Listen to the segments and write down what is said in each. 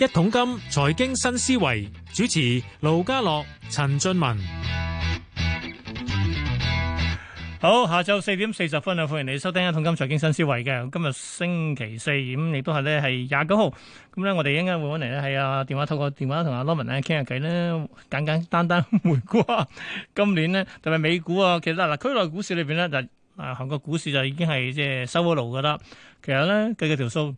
一桶金財經新思維，主持盧家樂、陳俊文好，下晝四點四十分啊，歡迎你收聽一桶金財經新思維嘅今日星期四咁，亦都係咧係廿九號咁咧。我哋一陣間會揾嚟，咧係啊電話透過電話同阿羅文咧傾下偈咧簡簡單單。回顧今年咧特別美股啊，其實嗱，區內股市裏邊咧就啊，韓國股市就已經係即係收咗爐噶啦。其實咧計個條數。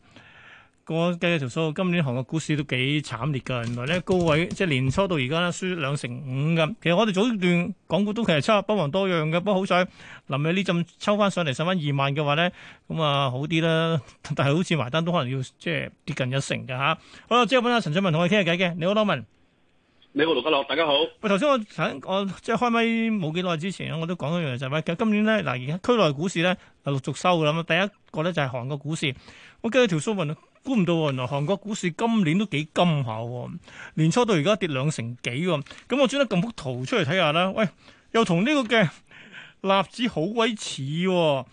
我計咗條數，今年韓國股市都幾慘烈㗎。原來咧高位，即係年初到而家咧，輸兩成五㗎。其實我哋早段港股都其實差不遑多樣嘅，不過好彩臨尾呢陣抽翻上嚟，上翻二萬嘅話咧，咁、嗯、啊好啲啦。但係好似埋單都可能要即係跌近一成嘅吓、啊，好啦，接下邊阿陳俊文同我哋傾下偈嘅。你好，劉文。你好，盧德樂，大家好。喂，頭先我我即係開咪冇幾耐之前，我都講一樣就係，今年咧嗱，而家區內股市咧陸續收㗎啦。第一個咧就係韓國股市，我計咗條數問。估唔到喎、哦，原來韓國股市今年都幾金下喎、哦，年初到而家跌兩成幾喎、哦，咁我轉得咁幅圖出嚟睇下啦。喂，又同、哦、呢個嘅納指好鬼似喎，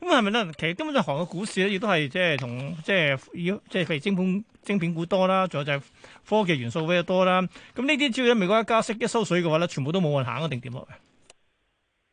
咁係咪咧？其實根本就韓國股市咧，亦都係即係同即係要即係譬如精盤晶片股多啦，仲有就係科技元素比較多啦。咁呢啲只要美國一加息一收水嘅話咧，全部都冇運行啊定點啊？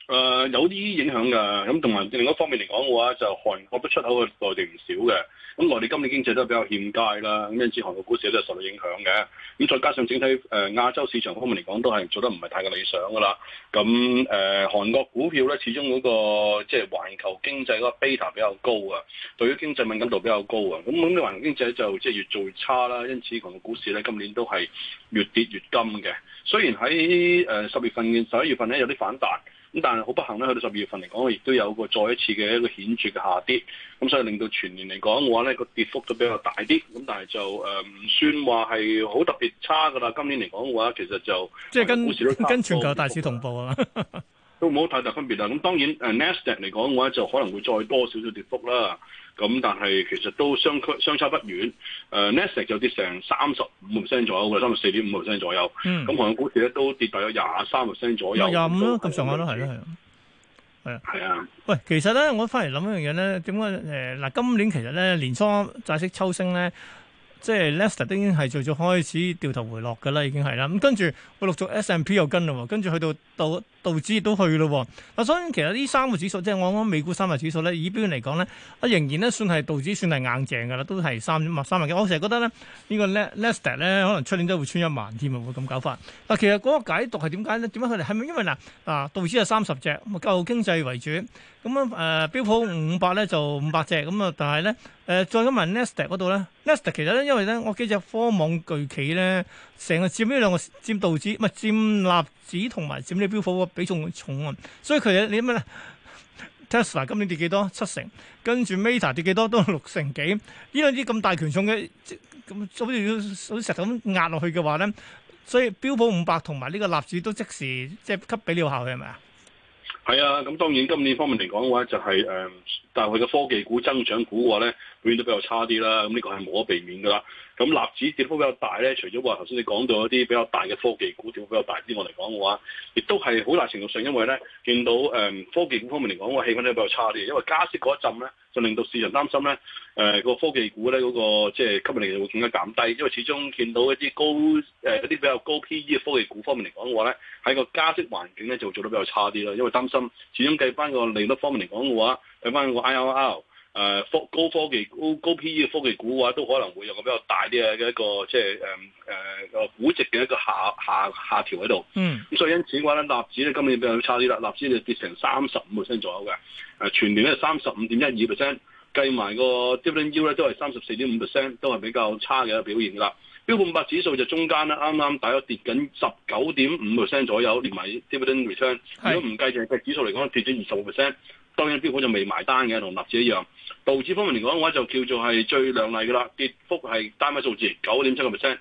誒、呃、有啲影響㗎，咁同埋另一方面嚟講嘅話，就韓國不出口嘅內地唔少嘅。咁、嗯、內地今年經濟都係比較欠佳啦，咁、嗯、因此韓國股市都係受到影響嘅。咁、嗯、再加上整體誒、呃、亞洲市場方面嚟講，都係做得唔係太過理想㗎啦。咁、嗯、誒、呃、韓國股票咧，始終嗰、那個即係環球經濟嗰個 beta 比較高啊，對於經濟敏感度比較高啊。咁咁啲環球經濟就即係越做越差啦，因此韓國股市咧今年都係越跌越金嘅。雖然喺誒十月份十一月份咧有啲反彈。咁但係好不幸咧，去到十二月份嚟講，亦都有個再一次嘅一個顯著嘅下跌，咁所以令到全年嚟講嘅話咧，個跌幅都比較大啲，咁但係就誒唔、呃、算話係好特別差噶啦。今年嚟講嘅話，其實就即係跟都差跟全球大市同步啊， 都冇太大分別啦。咁當然，誒 Nasdaq 嚟講嘅話，就可能會再多少少跌幅啦。咁但係其實都相相差不遠，誒，Nasdaq 就跌成三十五 percent 左右，三十四點五 percent 左右。嗯，咁香港股市咧都跌大咗廿三 percent 左右。廿五啦，咁上下咯，係咯，係。係啊，係啊。啊喂，其實咧，我翻嚟諗一樣嘢咧，點解誒嗱？今年其實咧，年初債息抽升咧。即係 Nasdaq 已經係最早開始掉頭回落嘅啦，已經係啦。咁跟住我陸續 S M P 又跟咯，跟住去到道道指都去咯。嗱，所以其實呢三個指數，即係我講美股三個指數咧，以表現嚟講咧，啊仍然咧算係道指算係硬淨嘅啦，都係三萬三萬幾。我成日覺得咧，呢、呢個 Nasdaq 咧可能出年都會穿一萬添啊，會咁搞法。嗱，其實嗰個解讀係點解咧？點解佢哋係咪因為嗱嗱、啊、道指係三十隻，咁啊舊經濟為主。咁啊，誒、嗯呃、標普五百咧就五百隻咁啊，但係咧誒再咁問 Nasdaq 嗰度咧，Nasdaq 其實咧因為咧我幾隻科網巨企咧成日佔呢兩個佔道指咪佔納指同埋佔呢標普個比重重啊，所以佢哋咩乜 Tesla 今年跌幾多？七成，跟住 Meta 跌幾多？都六成幾。兩呢兩啲咁大權重嘅，咁好似好似石咁壓落去嘅話咧，所以標普五百同埋呢個納指都即時即係給俾了效嘅係咪啊？是係啊，咁當然今年方面嚟講嘅話，就係誒，大陸嘅科技股、增長股嘅話咧。表現都比較差啲啦，咁、嗯、呢、這個係冇可避免噶啦。咁、嗯、納指跌幅比較大咧，除咗話頭先你講到一啲比較大嘅科技股跌幅比較大啲，我嚟講嘅話，亦都係好大程度上因為咧，見到誒、嗯、科技股方面嚟講嘅氣氛都比較差啲，因為加息嗰一陣咧，就令到市場擔心咧誒個科技股咧嗰、那個即係、就是、吸引力會更加減低，因為始終見到一啲高誒、呃、一啲比較高 P/E 嘅科技股方面嚟講嘅話咧，喺個加息環境咧就會做得比較差啲啦，因為擔心始終計翻個利率方面嚟講嘅話，計翻個 IRR。誒科、uh, 高科技高高 PE 嘅科技股嘅、啊、話，都可能會有個比較大啲嘅一個即係誒誒個估值嘅一個下下下調喺度。嗯，咁所以因此嘅話咧，納指咧今年比較差啲啦，納指就跌成三十五個 percent 左右嘅，誒全年咧三十五點一二 percent，計埋個 Dividend Yield 咧都係三十四點五 percent，都係比較差嘅表現㗎啦。標普五百指數就中間啦，啱啱大約跌緊十九點五 percent 左右，連埋 Dividend Return，如果唔計淨計指數嚟講，跌咗二十個 percent，當然標普就未埋單嘅，同納指一樣。道指方面嚟講嘅話，就叫做係最亮麗嘅啦，跌幅係單位數字，九點七個 percent，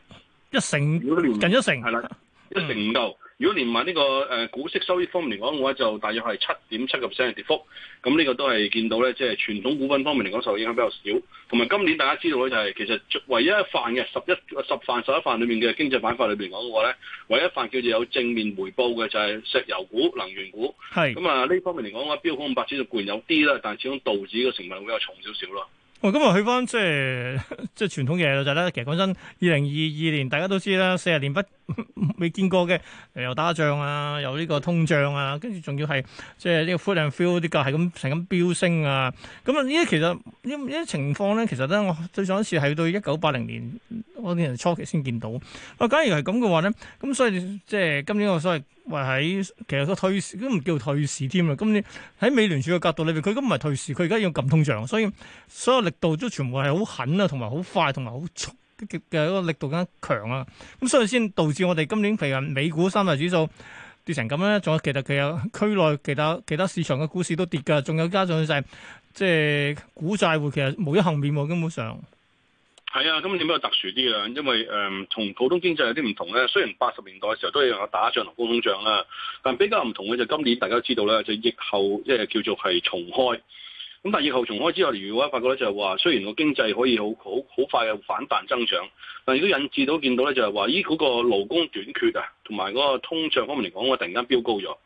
一成五近一成，係啦的，嗯、一成五度。如果連埋呢、這個誒、呃、股息收益方面嚟講嘅話，就大約係七點七個 percent 跌幅。咁呢個都係見到咧，即、就、係、是、傳統股份方面嚟講受影響比較少。同埋今年大家知道咧，就係其實唯一一瓣嘅十一十瓣十一瓣裡面嘅經濟板塊裏面講嘅話咧，唯一一瓣叫做有正面回報嘅就係石油股、能源股。係咁是、嗯、啊，呢方面嚟講嘅話，標普五百指就固然有啲啦，但係始終道指嘅成分會有重少少咯。哦，今、哎、日去翻即係即係傳統嘢就係咧，其實講真，二零二二年大家都知啦，四十年不。未見過嘅，又打仗啊，又呢個通脹啊，跟住仲要係即係呢個 food and fuel 啲價係咁成咁飆升啊！咁啊，呢啲其實呢啲情況咧，其實咧我最上一次係到一九八零年嗰啲人初期先見到。啊，假如係咁嘅話咧，咁所以即係今年我所謂話喺其實個退市都唔叫退市添啊。今年喺美聯儲嘅角度裏邊，佢都唔係退市，佢而家要撳通脹，所以所有力度都全部係好狠啊，同埋好快，同埋好嘅嗰個力度更加強啊！咁所以先導致我哋今年譬如美股三大指數跌成咁咧。仲有其實其實區內其他其他市場嘅股市都跌㗎。仲有加上就係即係股債匯其實無一幸免喎。根本上係啊，今年比較特殊啲啊，因為誒、嗯、從普通經濟有啲唔同咧。雖然八十年代嘅時候都有有打仗同高通脹啦，但比較唔同嘅就今年大家都知道咧，就疫後即係叫做係重開。咁但係以後重開之後嚟講咧，我發覺咧就係話，雖然個經濟可以好好好快嘅反彈增長，但係亦都引致到見到咧就係話，咦，嗰個勞工短缺啊，同埋嗰個通脹方面嚟講我突然間飆高咗。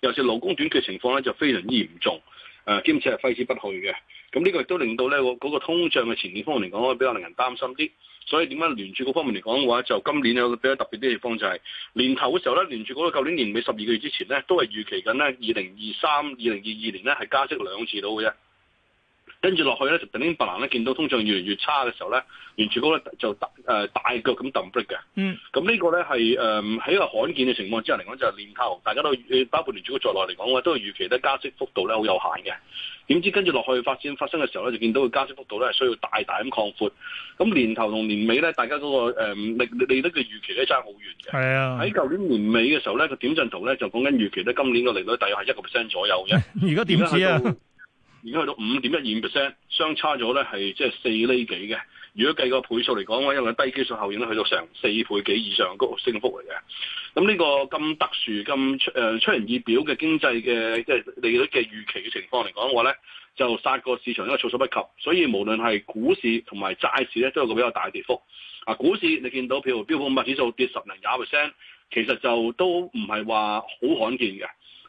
尤其是勞工短缺情況咧，就非常之嚴重，誒兼且係揮之不去嘅。咁呢個亦都令到咧嗰個通脹嘅前景方面嚟講咧，比較令人擔心啲。所以點解聯儲局方面嚟講嘅話，就今年有比較特別啲地方、就係，就係年頭嘅時候咧，聯儲局喺舊年年尾十二個月之前咧，都係預期緊咧二零二三、二零二二年咧係加息兩次到嘅啫。跟住落去咧，就突然間突然咧見到通脹越來越差嘅時候咧，聯儲局咧就大、呃、大腳咁揼 brake 嘅。嗯。咁呢個咧係誒喺一個罕見嘅情況之下嚟講，就係、是、年頭，大家都包括聯儲局在內嚟講，都係預期咧加息幅度咧好有限嘅。點知跟住落去發展發生嘅時候咧，就見到個加息幅度咧係需要大大咁擴闊。咁、嗯、年頭同年尾咧，大家嗰個利利率嘅預期咧爭好遠嘅。係啊。喺舊年年尾嘅時候咧，個點陣圖咧就講緊預期咧今年個利率大約係一個 percent 左右嘅。而家點知啊？已經去到五點一二 percent，相差咗咧係即係四厘幾嘅。如果計個倍數嚟講嘅話，因為低基數效應咧，去到成四倍幾以上嘅高升幅嚟嘅。咁呢個咁特殊、咁誒出、呃、出人意表嘅經濟嘅即係利率嘅預期嘅情況嚟講嘅話咧，就殺個市場咧措手不及。所以無論係股市同埋債市咧，都有個比較大嘅跌幅。啊，股市你見到譬如標普五百指數跌十零廿 percent，其實就都唔係話好罕見嘅。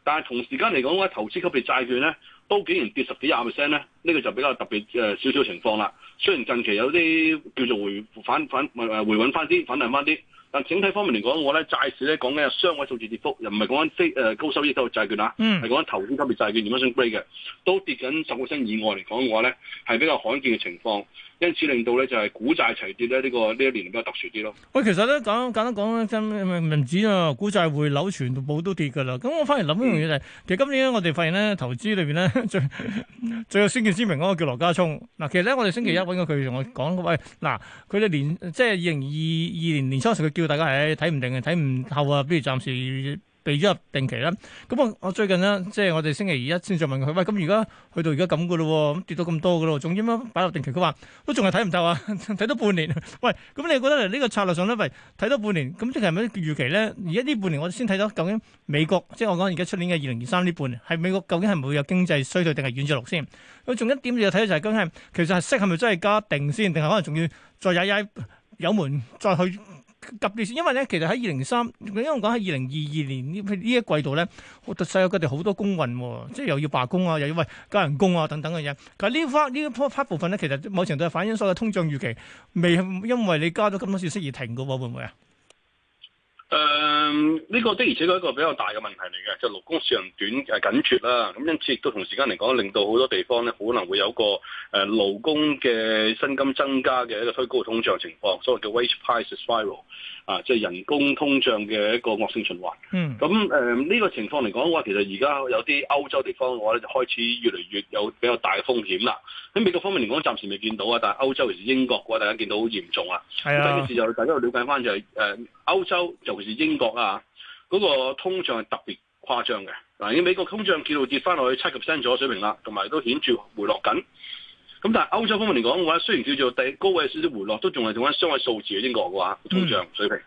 但係同時間嚟講咧，投資級別債券咧。都竟然跌十幾廿 percent 咧，呢、這個就比較特別誒少少情況啦。雖然近期有啲叫做回反反，唔、呃、回穩翻啲，反彈翻啲，但整體方面嚟講，我咧債市咧講緊係雙位數字跌幅，又唔係講緊非誒、呃、高收益級別債券啊，係講緊投資級別債券 investment grade 嘅，都跌緊十個 percent 以外嚟講嘅話咧，係比較罕見嘅情況。因此令到咧就係股債齊跌咧，呢、這個呢一年比較特殊啲咯。喂，其實咧簡簡單講咧，真唔唔止啊，股債會扭轉，全部都跌噶啦。咁我反而諗一樣嘢就係，嗯、其實今年咧我哋發現咧投資裏邊咧最最有先見之明嗰個叫羅家聰。嗱，其實咧我哋星期一揾過佢同我講，喂，嗱、哎，佢哋年即係二零二二年年初時，佢叫大家誒睇唔定啊，睇唔透啊，不如暫時。避咗入定期啦，咁我我最近咧，即、就、係、是、我哋星期二一先再問佢，喂，咁而家去到而家咁噶咯，咁跌到咁多噶咯，仲點啊？擺落定期，佢話：都仲係睇唔透啊，睇 到半年。喂，咁你覺得呢個策略上咧，喂，睇到半年，咁即係咪啲預期咧？而家呢半年我先睇到究竟美國，即係我講而家出年嘅二零二三呢半年，係美國究竟係唔會有經濟衰退定係軟着陸先？佢仲一點要睇就係、是、究竟，其實係息係咪真係加定先，定係可能仲要再踩踩油門再去？特別係，因為咧其實喺二零三，因為我講喺二零二二年呢呢一季度咧，世個佢哋好多工運，即係又要罷工啊，又要喂加人工啊等等嘅嘢。但係呢呢一 part 部分咧，其實某程度係反映所謂嘅通脹預期未，因為你加咗咁多措息而停噶，會唔會啊？誒呢、嗯，這個的而且確一個比較大嘅問題嚟嘅，就勞工市場短誒、啊、緊缺啦。咁因此亦都同時間嚟講，令到好多地方咧可能會有一個誒勞工嘅薪金增加嘅一個推高通脹情況，所謂嘅 wage price spiral 啊，即係人工通脹嘅一個惡性循環。咁誒呢個情況嚟講嘅話，其實而家有啲歐洲地方嘅話咧，就開始越嚟越有比較大嘅風險啦。喺美國方面嚟講，暫時未見到啊，但係歐洲尤其是英國嘅話，大家見到好嚴重啊。係啊。第二件事就係大家要了解翻就係誒歐洲就越來越來越大的大的。尤其是英國啊，嗰、那個通脹係特別誇張嘅。嗱、啊，而美國通脹紀錄跌翻落去七及千咗水平啦，同埋都顯著回落緊。咁、啊、但係歐洲方面嚟講嘅話，雖然叫做第高位少少回落，都仲係仲翻雙位數字嘅英國嘅話通脹水平。嗯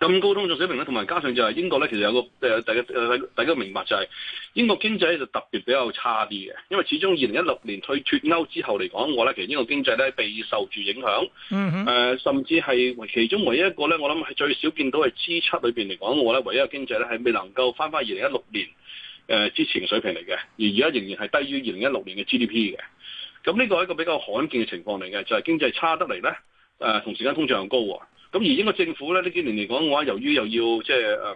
咁高通脹水平咧，同埋加上就係英國咧，其實有個誒、呃、第個誒大家明白就係英國經濟就特別比較差啲嘅，因為始終二零一六年退脱歐之後嚟講我，我咧其實英國經濟咧被受住影響，誒、呃、甚至係其中唯一一個咧，我諗係最少見到係 G7 裏邊嚟講我，我咧唯一一個經濟咧係未能夠翻返二零一六年誒、呃、之前嘅水平嚟嘅，而而家仍然係低於二零一六年嘅 GDP 嘅。咁呢個係一個比較罕見嘅情況嚟嘅，就係、是、經濟差得嚟咧。誒、啊、同時間通脹又高喎、啊，咁而英國政府咧呢幾年嚟講嘅話，由於又要即係誒誒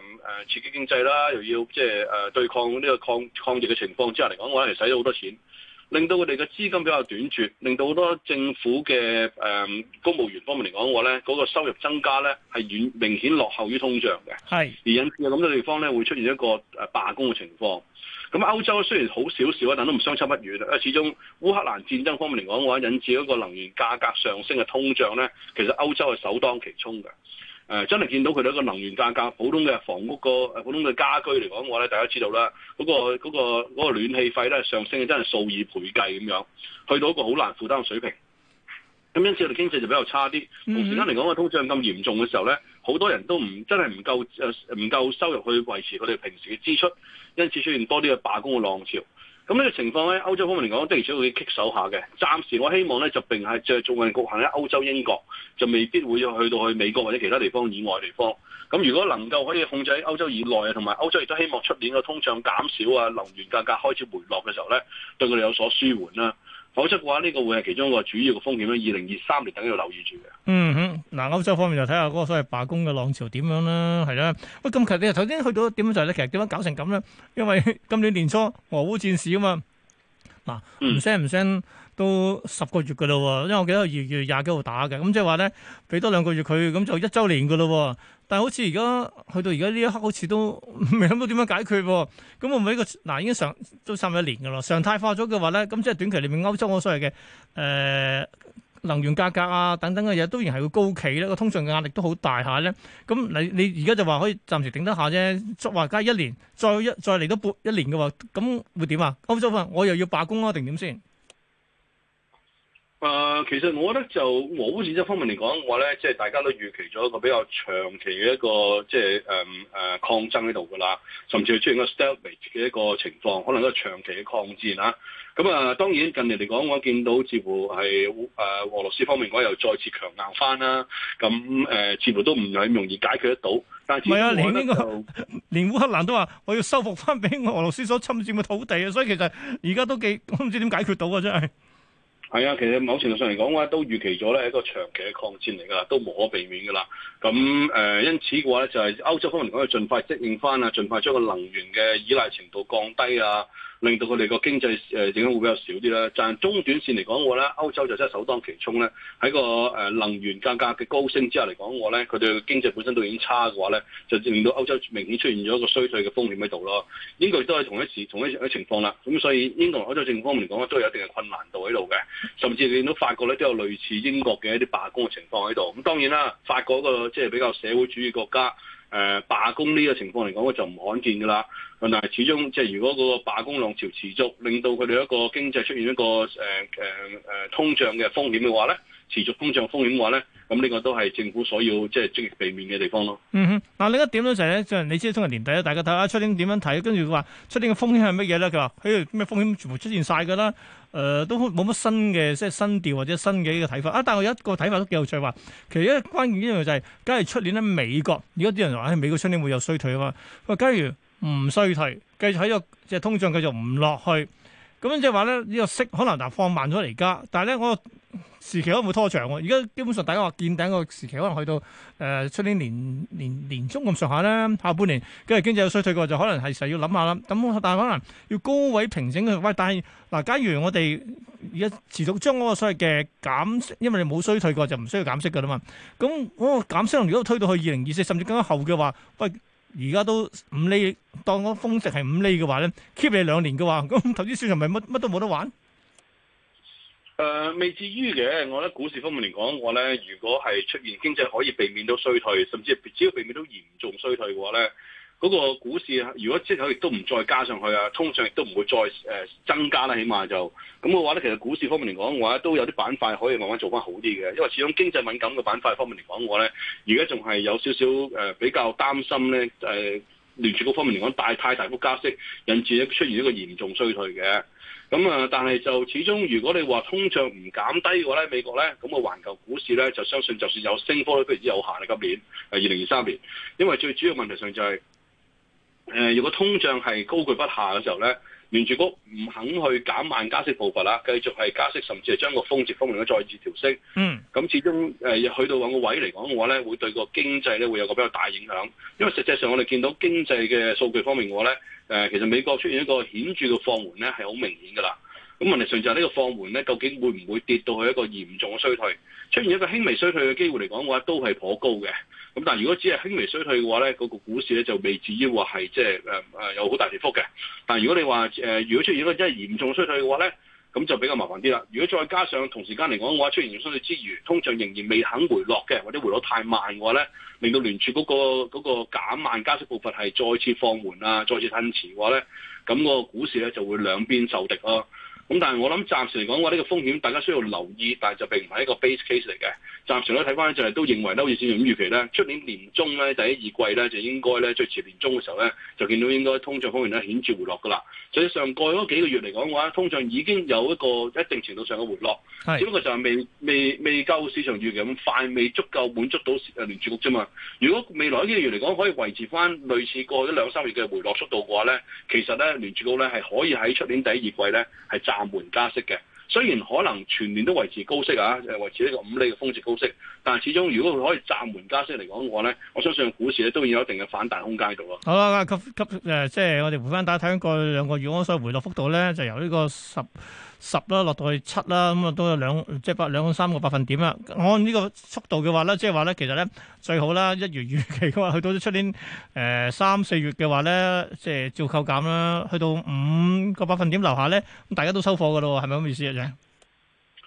刺激經濟啦，又要即係誒對抗呢個抗抗疫嘅情況之下嚟講，我哋使咗好多錢。令到佢哋嘅資金比較短缺，令到好多政府嘅誒、嗯、公務員方面嚟講，嘅話咧嗰個收入增加咧係遠明顯落後於通脹嘅，係是而引致有咁多地方咧會出現一個誒罷工嘅情況。咁歐洲雖然好少少啊，但都唔相差不遠啊。始終烏克蘭戰爭方面嚟講，嘅話引致一個能源價格上升嘅通脹咧，其實歐洲係首當其衝嘅。誒真係見到佢哋一個能源價格，普通嘅房屋個誒普通嘅家居嚟講嘅話咧，大家知道啦，嗰個嗰個嗰個暖氣費咧上升嘅真係數以倍計咁樣，去到一個好難負擔嘅水平。咁因此，我哋經濟就比較差啲。同時間嚟講，個通脹咁嚴重嘅時候咧，好多人都唔真係唔夠誒唔夠收入去維持佢哋平時嘅支出，因此出現多啲嘅罷工嘅浪潮。咁呢個情況咧，歐洲方面嚟講，的而且確會棘手下嘅。暫時我希望咧，就並係著重局限喺歐洲、英國，就未必會去到去美國或者其他地方以外嘅地方。咁如果能夠可以控制喺歐洲以內啊，同埋歐洲亦都希望出年嘅通脹減少啊，能源價格開始回落嘅時候咧，對佢哋有所舒緩啦。否則嘅話，呢個會係其中一個主要嘅風險咯，二零二三年等緊要留意住嘅。嗯哼，嗱歐洲方面就睇下嗰個所謂罷工嘅浪潮點樣啦，係啦。喂，咁其實你頭先去到點樣就係咧，其實點樣搞成咁咧？因為 今年年初俄烏戰事啊嘛，嗱唔聲唔聲。嗯唔聲唔聲都十個月㗎啦，因為我記得二月廿幾號打嘅，咁即係話咧俾多兩個月佢咁就一週年㗎啦。但係好似而家去到而家呢一刻，好似都未諗到點樣解決咁，會唔會呢個嗱已經上都差唔多一年㗎啦？常態化咗嘅話咧，咁即係短期裏面歐洲嗰所謂嘅誒能源價格啊等等嘅嘢，都仍然係會高企啦。個通脹嘅壓力都好大下咧。咁你你而家就話可以暫時頂得下啫，話加一年再一再嚟多半一年嘅話，咁會點啊？歐洲啊，我又要罷工啊，定點先？其實我覺得就俄烏戰爭方面嚟講嘅話咧，即係大家都預期咗一個比較長期嘅一個即係誒誒抗爭喺度噶啦，甚至出現個 stalemate 嘅一個情況，可能都係長期嘅抗戰啊。咁啊，當然近年嚟講，我見到似乎係誒俄羅斯方面嘅又再次強硬翻啦，咁誒似乎都唔係咁容易解決得到。但係啊，連呢個連烏克蘭都話我要收復翻俾俄羅斯所侵佔嘅土地啊，所以其實而家都幾我唔知點解決到啊，真係。 係啊，其實某程度上嚟講，咧，都預期咗咧一個長期嘅抗戰嚟噶，啦，都無可避免噶啦。咁誒、呃，因此嘅話咧，就係、是、歐洲方面講，要盡快適應翻啊，盡快將個能源嘅依賴程度降低啊。令到佢哋個經濟誒影響會比較少啲啦。但係中短線嚟講，我咧歐洲就真係首當其衝咧。喺個誒能源價格嘅高升之下嚟講，我咧佢哋嘅經濟本身都已經差嘅話咧，就令到歐洲明顯出現咗一個衰退嘅風險喺度咯。英國亦都係同一時同，同，同一情況啦。咁所以英國同歐洲政府方面嚟講，都係有一定嘅困難度喺度嘅。甚至你見到法國咧都有類似英國嘅一啲罷工嘅情況喺度。咁當然啦，法國個即係比較社會主義國家誒、呃、罷工呢個情況嚟講，就唔罕見㗎啦。但係始終即係如果嗰個罷工浪潮持續，令到佢哋一個經濟出現一個誒誒誒通脹嘅風險嘅話咧、呃，持續通脹風險嘅話咧，咁呢個都係政府所要即係積極避免嘅地方咯。嗯哼，嗱、啊、另一點咧就係、是、咧，即係你知今日年底大家睇下出年點樣睇，跟住佢話出年嘅風險係乜嘢咧？佢話，譬如咩風險全部出現晒㗎啦，誒、呃、都冇乜新嘅，即係新調或者新嘅呢個睇法。啊，但係我有一個睇法都幾有趣，話其實一個關鍵一樣就係、是，假如出年咧美國，如果啲人話，喺美國，年美國年出年會有衰退啊嘛。喂，假如唔衰退，繼續喺個即係通脹繼續唔落去，咁樣即係話咧呢個息可能嗱，放慢咗嚟加，但係咧個時期可能會拖長啊。而家基本上大家話見頂個時期可能去到誒出、呃、年年年年中咁上下咧，下半年跟住經濟有衰退嘅話，就可能係時候要諗下啦。咁但係可能要高位平整嘅。喂，但係嗱、呃，假如我哋而家持續將嗰個所謂嘅減息，因為你冇衰退過就唔需要減息噶啦嘛。咁個減息量如果推到去二零二四甚至更加後嘅話，喂。而家都五厘，當嗰個風值係五厘嘅話咧，keep 你兩年嘅話，咁投資市場咪乜乜都冇得玩？誒、呃，未至於嘅。我覺得股市方面嚟講，我咧，如果係出現經濟可以避免到衰退，甚至只要避免到嚴重衰退嘅話咧。嗰個股市啊，如果即係亦都唔再加上去啊，通脹亦都唔會再誒、呃、增加啦，起碼就咁嘅話咧。其實股市方面嚟講嘅話，都有啲板塊可以慢慢做翻好啲嘅，因為始終經濟敏感嘅板塊方面嚟講嘅話咧，而家仲係有少少誒、呃、比較擔心咧誒、呃，聯儲局方面嚟講，大太大，大幅加息，引致出現一個嚴重衰退嘅。咁、嗯、啊、呃，但係就始終如果你話通脹唔減低嘅話咧，美國咧，咁、那個環球股市咧就相信，就算有升幅都都有限啦。今年係二零二三年，因為最主要問題上就係、是，誒、呃，如果通脹係高居不下嘅時候咧，聯儲局唔肯去減慢加息步伐啦，繼續係加息，甚至係將個峰值方面嘅再次調升。嗯，咁始終誒、呃、去到個位嚟講嘅話咧，會對個經濟咧會有個比較大影響。因為實際上我哋見到經濟嘅數據方面嘅話咧，誒、呃、其實美國出現一個顯著嘅放緩咧，係好明顯㗎啦。咁問題上就係呢個放緩咧，究竟會唔會跌到去一個嚴重嘅衰退？出現一個輕微衰退嘅機會嚟講嘅話，都係頗高嘅。咁但係如果只係輕微衰退嘅話咧，嗰個股市咧就未至於話係即係誒誒有好大跌幅嘅。但係如果你話誒、呃，如果出現一個真係嚴重衰退嘅話咧，咁就比較麻煩啲啦。如果再加上同時間嚟講嘅話，出現衰退之餘，通脹仍然未肯回落嘅，或者回落太慢嘅話咧，令到聯儲嗰個嗰個減慢加息步伐係再次放緩啊，再次吞遲嘅話咧，咁個股市咧就會兩邊受敵咯。咁但係我諗暫時嚟講，我呢個風險大家需要留意，但係就並唔係一個 base case 嚟嘅。暫時咧睇翻就係都認為咧好似市場咁預期咧，出年年中咧第一二季咧就應該咧最遲年中嘅時候咧就見到應該通脹方面咧顯著回落噶啦。所以上個嗰幾個月嚟講嘅話，通脹已經有一個一定程度上嘅回落，是只不過就係未未未夠市場預期咁快，未足夠滿足到誒聯儲局啫嘛。如果未來呢幾個月嚟講可以維持翻類似過去一兩三月嘅回落速度嘅話咧，其實咧聯儲局咧係可以喺出年第一二季咧係暫緩加息嘅。雖然可能全年都維持高息啊，誒維持呢個五厘嘅峰值高息，但係始終如果佢可以暫緩加息嚟講嘅話咧，我相信股市咧都要有一定嘅反彈空間喺度。好啦、啊，吸吸誒，即係我哋回翻頭睇個兩個月安所以回落幅度咧，就由呢個十。十啦，落到去七啦，咁啊都有兩即係百兩個三個百分點啦。按呢個速度嘅話咧，即係話咧，其實咧最好啦，一如預期嘅話，去到出年誒三四月嘅話咧，即係照扣減啦，去到五個百分點樓下咧，咁大家都收貨嘅咯，係咪咁意思啊？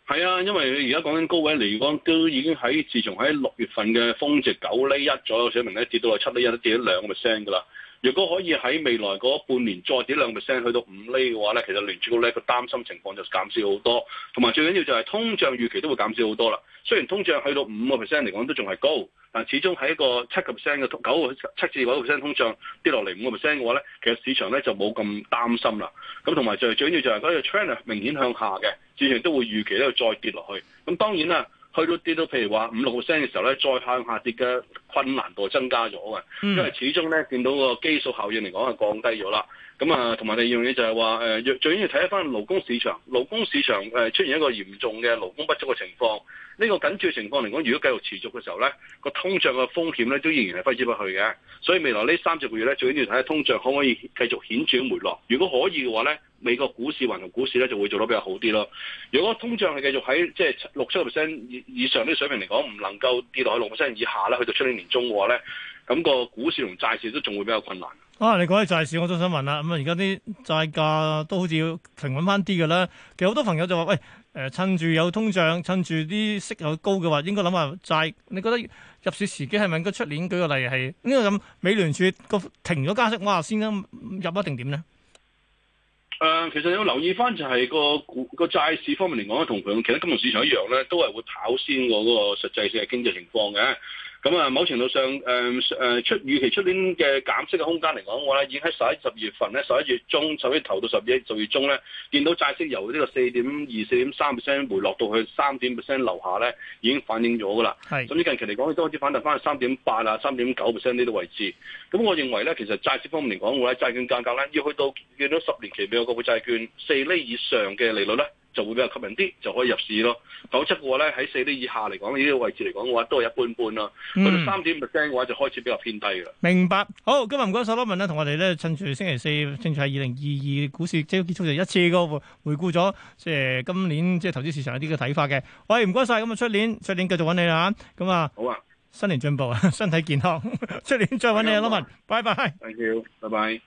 就係啊，因為而家講緊高位嚟講，都已經喺自從喺六月份嘅峰值九厘一左右水平咧，跌到去七厘一，都跌咗兩個 percent 嘅啦。如果可以喺未來嗰半年再跌兩個 percent 去到五厘嘅話咧，其實聯儲局咧個擔心情況就減少好多，同埋最緊要就係通脹預期都會減少好多啦。雖然通脹去到五個 percent 嚟講都仲係高，但始終喺一個七個 percent 嘅九個七至九個 percent 通脹跌落嚟五個 percent 嘅話咧，其實市場咧就冇咁擔心啦。咁同埋最最緊要就係嗰個 trend 啊明顯向下嘅，市場都會預期咧度再跌落去。咁當然啦。去到跌到，譬如話五六個 percent 嘅時候咧，再向下，下跌嘅困難度增加咗嘅，因為始終咧見到個基數效應嚟講係降低咗啦。咁啊，同埋第二樣嘢就係話，誒、呃、最緊要睇一翻勞工市場，勞工市場誒、呃、出現一個嚴重嘅勞工不足嘅情況。呢、呢個緊張情況嚟講，如果繼續持續嘅時候咧，個通脹嘅風險咧都仍然係揮之不去嘅。所以未來呢三十個月咧，最緊要睇下通脹可唔可以繼續顯著回落。如果可以嘅話咧，美國股市還同股市咧就會做得比較好啲咯。如果通脹係繼續喺即係六七個 percent 以以上啲水平嚟講，唔能夠跌落去六個 percent 以下啦，去到出年年中嘅話咧，咁個股市同債市都仲會比較困難。啊，你講起債市，我都想問啦。咁啊，而家啲債價都好似要平穩翻啲㗎啦。其實好多朋友就話：喂，誒，趁住有通脹，趁住啲息又高嘅話，應該諗下債。你覺得入市時機係咪應該出年？舉個例係呢個咁，美聯儲個停咗加息，我話先咁入一定點咧？誒、呃，其實你要留意翻就係個股個債市方面嚟講同佢其他金融市場一樣咧，都係會跑先個嗰個實際性經濟情況嘅。咁啊，某程度上，誒、呃、誒出預期出年嘅減息嘅空間嚟講，我咧已經喺十一、十月份咧，十一月中，甚至頭到十一、十二月中咧，見到債息由呢個四點二、四點三 percent 回落到去三點 percent 樓下咧，已經反映咗㗎啦。係是。甚至近期嚟講，佢都開始反彈翻去三點八啊、三點九 percent 呢啲位置。咁我認為咧，其實債市方面嚟講，我喺債券價格咧，要去到見到十年期美國國債券四厘以上嘅利率咧。就會比較吸引啲，就可以入市咯。九七嘅話咧，喺四點以下嚟講，呢個位置嚟講嘅話，都係一般般啦。去到三點五 percent 嘅話，就開始比較偏低嘅、嗯。明白。好，今日唔該晒，細佬文咧，同我哋咧，趁住星期四，正住係二零二二股市即係結束，就一次嘅回顧咗，即係今年即係投資市場有啲嘅睇法嘅。喂，唔該晒，咁啊，出年出年繼續揾你啦。咁啊，好啊，新年進步啊，身體健康，出年再揾你啊，佬文，拜拜。Thank you，拜拜。